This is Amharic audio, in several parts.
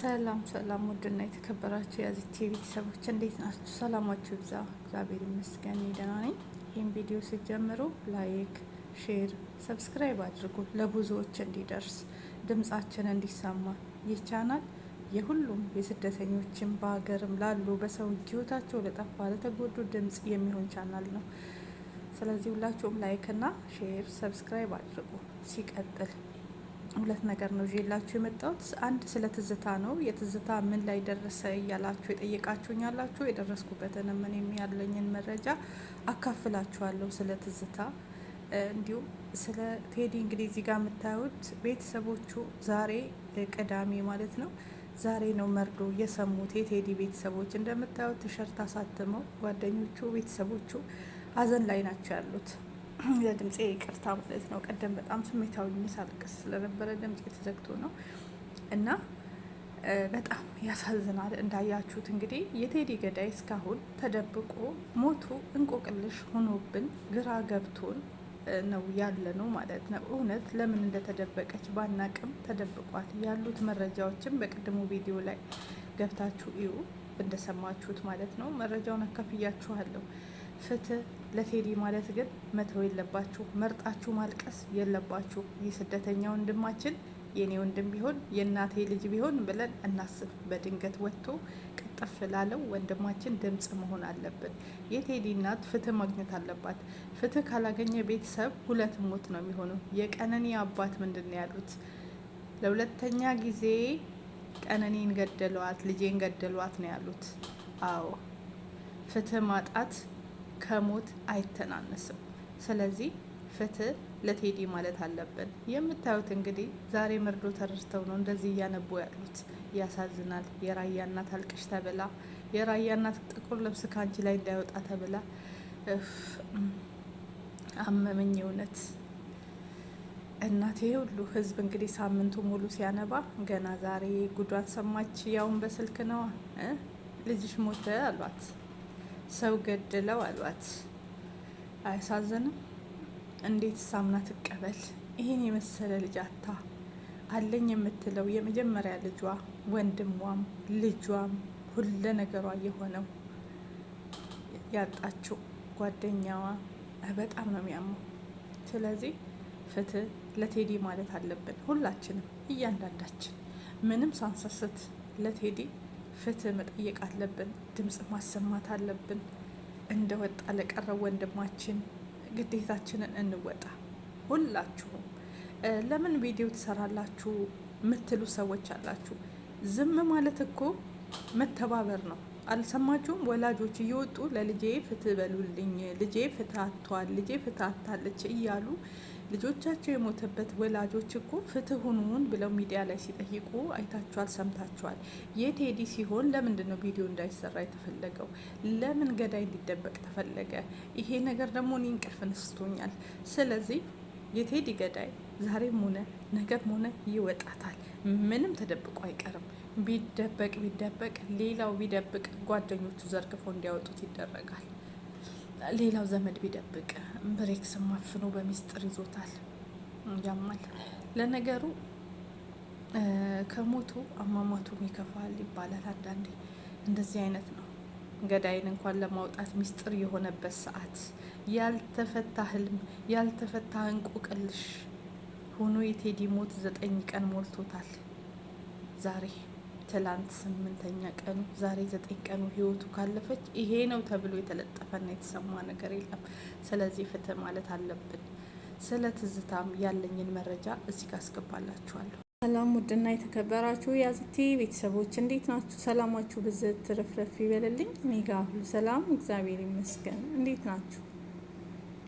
ሰላም ሰላም፣ ውድና የተከበራችሁ የዚ ቲቪ ቤተሰቦች እንዴት ናችሁ? ሰላማችሁ ይብዛ። እግዚአብሔር ይመስገን ደህና ነኝ። ይህን ቪዲዮ ሲጀምሩ ላይክ፣ ሼር፣ ሰብስክራይብ አድርጉ ለብዙዎች እንዲደርስ ድምጻችን እንዲሰማ ይህ ቻናል የሁሉም የስደተኞችን በሀገርም ላሉ በሰው እጅ ህይወታቸው ለጠፋ ለተጎዱ ድምጽ የሚሆን ቻናል ነው። ስለዚህ ሁላችሁም ላይክ እና ሼር፣ ሰብስክራይብ አድርጉ። ሲቀጥል ሁለት ነገር ነው ይዤላችሁ የመጣሁት። አንድ ስለ ትዝታ ነው። የትዝታ ምን ላይ ደረሰ እያላችሁ የጠየቃችሁኝ ያላችሁ የደረስኩበትን ምን ያለኝን መረጃ አካፍላችኋለሁ ስለ ትዝታ እንዲሁም ስለ ቴዲ። እንግዲህ እዚህ ጋር የምታዩት ቤተሰቦቹ ዛሬ ቅዳሜ ማለት ነው ዛሬ ነው መርዶ የሰሙት የቴዲ ቤተሰቦች። እንደምታዩት ቲሸርት አሳትመው ጓደኞቹ ቤተሰቦቹ ሀዘን ላይ ናቸው ያሉት። ለድምፄ ይቅርታ ማለት ነው። ቀደም በጣም ስሜታዊ ሳልቅስ ስለነበረ ድምፅ የተዘግቶ ነው እና በጣም ያሳዝናል። እንዳያችሁት እንግዲህ የቴዲ ገዳይ እስካሁን ተደብቆ ሞቱ እንቆቅልሽ ሆኖብን ግራ ገብቶን ነው ያለ ነው ማለት ነው። እውነት ለምን እንደተደበቀች ባናቅም ተደብቋል። ያሉት መረጃዎችም በቅድሙ ቪዲዮ ላይ ገብታችሁ እዩ እንደሰማችሁት ማለት ነው። መረጃውን አካፍያችኋለሁ። ፍትህ ለቴዲ ማለት ግን መተው የለባችሁ መርጣችሁ ማልቀስ የለባችሁ። ይህ ስደተኛ ወንድማችን የእኔ ወንድም ቢሆን የእናቴ ልጅ ቢሆን ብለን እናስብ። በድንገት ወጥቶ ቅጥፍ ላለው ወንድማችን ድምፅ መሆን አለብን። የቴዲ እናት ፍትህ ማግኘት አለባት። ፍትህ ካላገኘ ቤተሰብ ሁለት ሞት ነው የሚሆኑ የቀነኒ አባት ምንድን ያሉት? ለሁለተኛ ጊዜ ቀነኒን ገደለዋት፣ ልጄን ገደለዋት ነው ያሉት። አዎ ፍትህ ማጣት ከሞት አይተናነስም። ስለዚህ ፍትህ ለቴዲ ማለት አለብን። የምታዩት እንግዲህ ዛሬ መርዶ ተረድተው ነው እንደዚህ እያነቡ ያሉት። ያሳዝናል። የራያ እናት አልቅሽ ተብላ፣ የራያ እናት ጥቁር ልብስ ከአንቺ ላይ እንዳይወጣ ተብላ አመመኝ እውነት እናቴ ሁሉ ህዝብ እንግዲህ ሳምንቱ ሙሉ ሲያነባ ገና ዛሬ ጉዷን ሰማች። ያውን በስልክ ነዋ ልጅሽ ሞተ አሏት። ሰው ገድለው አሏት። አያሳዝንም? እንዴት ሳምና ትቀበል? ይህን የመሰለ ልጅ አታ አለኝ የምትለው የመጀመሪያ ልጇ ወንድሟም ልጇም ሁለ ነገሯ የሆነው ያጣችው ጓደኛዋ በጣም ነው የሚያመው። ስለዚህ ፍትህ ለቴዲ ማለት አለብን ሁላችንም፣ እያንዳንዳችን ምንም ሳንሰስት ለቴዲ ፍትህ መጠየቅ አለብን። ድምፅ ማሰማት አለብን። እንደ ወጣ ለቀረው ወንድማችን ግዴታችንን እንወጣ። ሁላችሁም ለምን ቪዲዮ ትሰራላችሁ ምትሉ ሰዎች አላችሁ። ዝም ማለት እኮ መተባበር ነው። አልሰማችሁም? ወላጆች እየወጡ ለልጄ ፍትህ በሉልኝ፣ ልጄ ፍትህ አጥቷል፣ ልጄ ፍትህ አጥታለች እያሉ ልጆቻቸው የሞተበት ወላጆች እኮ ፍትህ ሁኑን ብለው ሚዲያ ላይ ሲጠይቁ አይታችኋል፣ ሰምታችኋል። የቴዲ ሲሆን ለምንድን ነው ቪዲዮ እንዳይሰራ የተፈለገው? ለምን ገዳይ እንዲደበቅ ተፈለገ? ይሄ ነገር ደግሞ እኔ እንቅልፍ ነስቶኛል። ስለዚህ የቴዲ ገዳይ ዛሬም ሆነ ነገም ሆነ ይወጣታል። ምንም ተደብቆ አይቀርም። ቢደበቅ ቢደበቅ ሌላው ቢደብቅ ጓደኞቹ ዘርግፈው እንዲያወጡት ይደረጋል። ሌላው ዘመድ ቢደብቅ ብሬክስ ማፍኖ በሚስጥር ይዞታል። ያማል። ለነገሩ ከሞቱ አሟሟቱም ይከፋል ይባላል። አንዳንዴ እንደዚህ አይነት ነው። ገዳይን እንኳን ለማውጣት ሚስጥር የሆነበት ሰዓት፣ ያልተፈታ ህልም፣ ያልተፈታ እንቆቅልሽ ሆኖ የቴዲ ሞት ዘጠኝ ቀን ሞልቶታል ዛሬ ትላንት ስምንተኛ ቀኑ ዛሬ ዘጠኝ ቀኑ ህይወቱ ካለፈች ይሄ ነው ተብሎ የተለጠፈና የተሰማ ነገር የለም። ስለዚህ ፍትህ ማለት አለብን። ስለ ትዝታም ያለኝን መረጃ እዚህ አስገባላችኋለሁ። ሰላም ውድና የተከበራችሁ የአዝቲ ቤተሰቦች እንዴት ናችሁ? ሰላማችሁ ብዝት ትርፍረፍ ይበልልኝ። እኔ ሁሉ ሰላም እግዚአብሔር ይመስገን። እንዴት ናችሁ?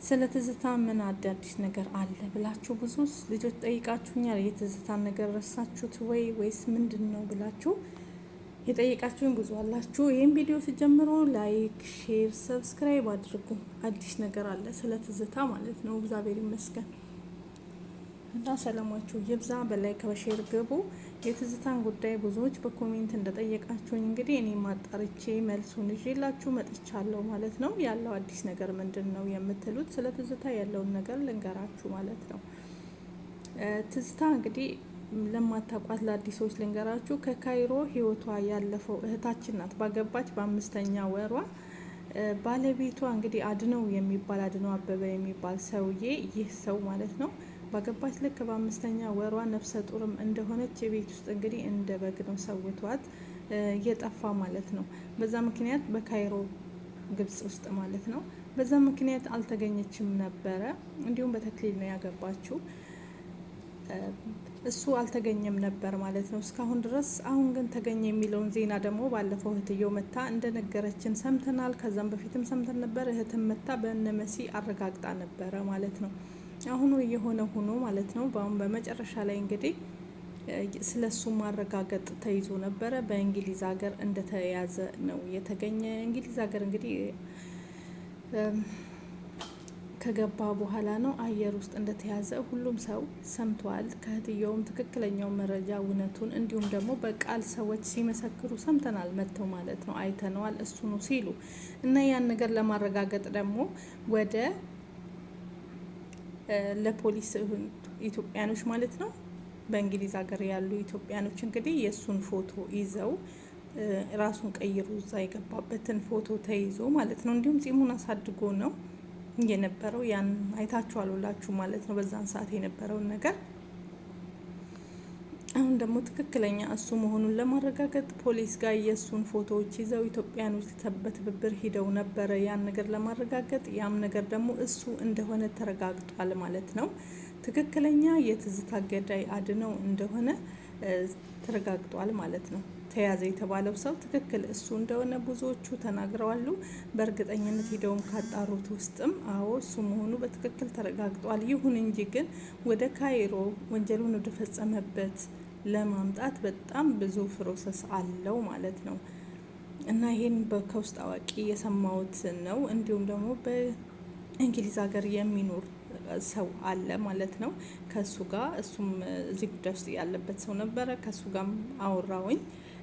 ስለ ትዝታ ምን አዳዲስ ነገር አለ ብላችሁ ብዙ ልጆች ጠይቃችሁኛል። የትዝታን ነገር ረሳችሁት ወይ ወይስ ምንድን ነው ብላችሁ የጠየቃችሁን ብዙ አላችሁ። ይህም ቪዲዮ ሲጀምሩ ላይክ፣ ሼር፣ ሰብስክራይብ አድርጉ። አዲስ ነገር አለ ስለ ትዝታ ማለት ነው። እግዚአብሔር ይመስገን። እና ሰላማችሁ ይብዛ። በላይ ከበሼር ግቡ። የትዝታን ጉዳይ ብዙዎች በኮሜንት እንደጠየቃችሁኝ እንግዲህ እኔ ማጣርቼ መልሱን ይዤላችሁ መጥቻለሁ ማለት ነው። ያለው አዲስ ነገር ምንድን ነው የምትሉት፣ ስለ ትዝታ ያለውን ነገር ልንገራችሁ ማለት ነው። ትዝታ እንግዲህ ለማታቋት ለአዲሶች ልንገራችሁ፣ ከካይሮ ህይወቷ ያለፈው እህታችን ናት። ባገባች በአምስተኛ ወሯ ባለቤቷ እንግዲህ አድነው የሚባል አድነው አበበ የሚባል ሰውዬ ይህ ሰው ማለት ነው ባገባች ልክ በአምስተኛ ወሯ ነፍሰ ጡርም እንደሆነች የቤት ውስጥ እንግዲህ እንደ በግ ነው ሰውቷት እየጠፋ ማለት ነው። በዛ ምክንያት በካይሮ ግብጽ ውስጥ ማለት ነው። በዛ ምክንያት አልተገኘችም ነበረ። እንዲሁም በተክሊል ነው ያገባችው። እሱ አልተገኘም ነበር ማለት ነው እስካሁን ድረስ። አሁን ግን ተገኘ የሚለውን ዜና ደግሞ ባለፈው እህትየው መታ እንደነገረችን ሰምተናል። ከዛም በፊትም ሰምተን ነበር። እህትም መታ በነመሲ አረጋግጣ ነበረ ማለት ነው። አሁኑ እየሆነ ሆኖ ማለት ነው። በአሁን በመጨረሻ ላይ እንግዲህ ስለ እሱ ማረጋገጥ ተይዞ ነበረ። በእንግሊዝ ሀገር እንደተያዘ ነው የተገኘ። እንግሊዝ ሀገር እንግዲህ ከገባ በኋላ ነው አየር ውስጥ እንደተያዘ ሁሉም ሰው ሰምቷል። ከህትየውም ትክክለኛው መረጃ እውነቱን፣ እንዲሁም ደግሞ በቃል ሰዎች ሲመሰክሩ ሰምተናል። መጥተው ማለት ነው አይተነዋል፣ እሱ ነው ሲሉ እና ያን ነገር ለማረጋገጥ ደግሞ ወደ ለፖሊስ ኢትዮጵያኖች ማለት ነው በእንግሊዝ ሀገር ያሉ ኢትዮጵያኖች እንግዲህ የእሱን ፎቶ ይዘው ራሱን ቀይሮ እዛ የገባበትን ፎቶ ተይዞ ማለት ነው። እንዲሁም ጺሙን አሳድጎ ነው የነበረው። ያን አይታችሁ ሁላችሁ ማለት ነው በዛን ሰዓት የነበረውን ነገር አሁን ደግሞ ትክክለኛ እሱ መሆኑን ለማረጋገጥ ፖሊስ ጋር የእሱን ፎቶዎች ይዘው ኢትዮጵያኖች በትብብር ሂደው ነበረ ያን ነገር ለማረጋገጥ። ያም ነገር ደግሞ እሱ እንደሆነ ተረጋግጧል ማለት ነው። ትክክለኛ የትዝታ ገዳይ አድነው እንደሆነ ተረጋግጧል ማለት ነው። ተያዘ የተባለው ሰው ትክክል እሱ እንደሆነ ብዙዎቹ ተናግረዋሉ። በእርግጠኝነት ሂደውም ካጣሩት ውስጥም አዎ እሱ መሆኑ በትክክል ተረጋግጧል። ይሁን እንጂ ግን ወደ ካይሮ ወንጀሉን ወደፈጸመበት ለማምጣት በጣም ብዙ ፕሮሰስ አለው ማለት ነው። እና ይሄን ከውስጥ አዋቂ የሰማሁት ነው። እንዲሁም ደግሞ በእንግሊዝ ሀገር የሚኖር ሰው አለ ማለት ነው። ከእሱ ጋር እሱም እዚህ ጉዳይ ውስጥ ያለበት ሰው ነበረ። ከእሱ ጋም አወራውኝ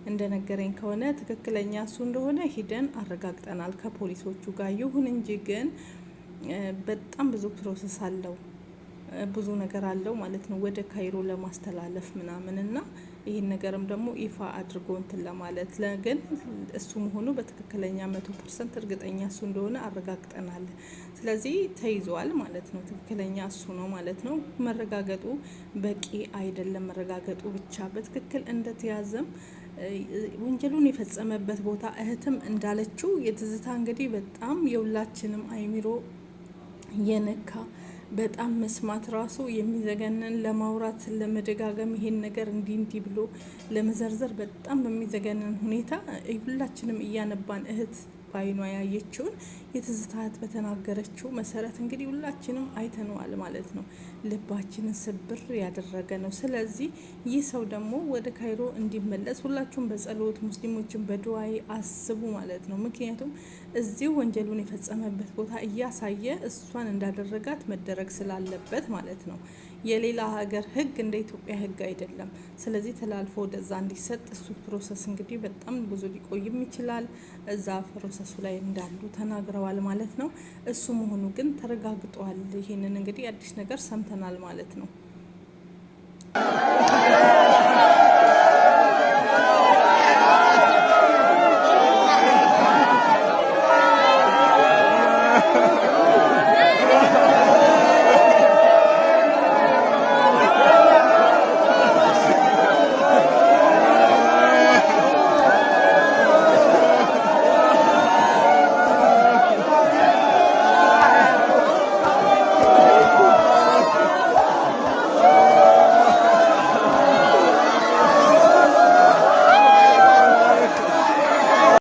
እንደነገረኝ ከሆነ ትክክለኛ እሱ እንደሆነ ሂደን አረጋግጠናል ከፖሊሶቹ ጋር። ይሁን እንጂ ግን በጣም ብዙ ፕሮሰስ አለው ብዙ ነገር አለው ማለት ነው ወደ ካይሮ ለማስተላለፍ ምናምን እና ይህን ነገርም ደግሞ ይፋ አድርጎ እንትን ለማለት ግን እሱ መሆኑ በትክክለኛ መቶ ፐርሰንት እርግጠኛ እሱ እንደሆነ አረጋግጠናል። ስለዚህ ተይዟል ማለት ነው። ትክክለኛ እሱ ነው ማለት ነው። መረጋገጡ በቂ አይደለም። መረጋገጡ ብቻ በትክክል እንደተያዘም ወንጀሉን የፈጸመበት ቦታ እህትም እንዳለችው የትዝታ እንግዲህ በጣም የሁላችንም አይሚሮ የነካ በጣም መስማት ራሱ የሚዘገንን ለማውራት ለመደጋገም ይሄን ነገር እንዲህ ብሎ ለመዘርዘር በጣም በሚዘገንን ሁኔታ ሁላችንም እያነባን እህት በአይኗ ያየችውን የትዝታት በተናገረችው መሰረት እንግዲህ ሁላችንም አይተነዋል ማለት ነው። ልባችንን ስብር ያደረገ ነው። ስለዚህ ይህ ሰው ደግሞ ወደ ካይሮ እንዲመለስ ሁላችሁም በጸሎት ሙስሊሞችን በድዋይ አስቡ ማለት ነው። ምክንያቱም እዚሁ ወንጀሉን የፈጸመበት ቦታ እያሳየ እሷን እንዳደረጋት መደረግ ስላለበት ማለት ነው። የሌላ ሀገር ህግ እንደ ኢትዮጵያ ህግ አይደለም። ስለዚህ ተላልፎ ወደዛ እንዲሰጥ እሱ ፕሮሰስ እንግዲህ በጣም ብዙ ሊቆይም ይችላል እዛ ፕሮሰሱ ላይ እንዳሉ ተናግረዋል ማለት ነው። እሱ መሆኑ ግን ተረጋግጧል። ይህንን እንግዲህ አዲስ ነገር ሰምተናል ማለት ነው።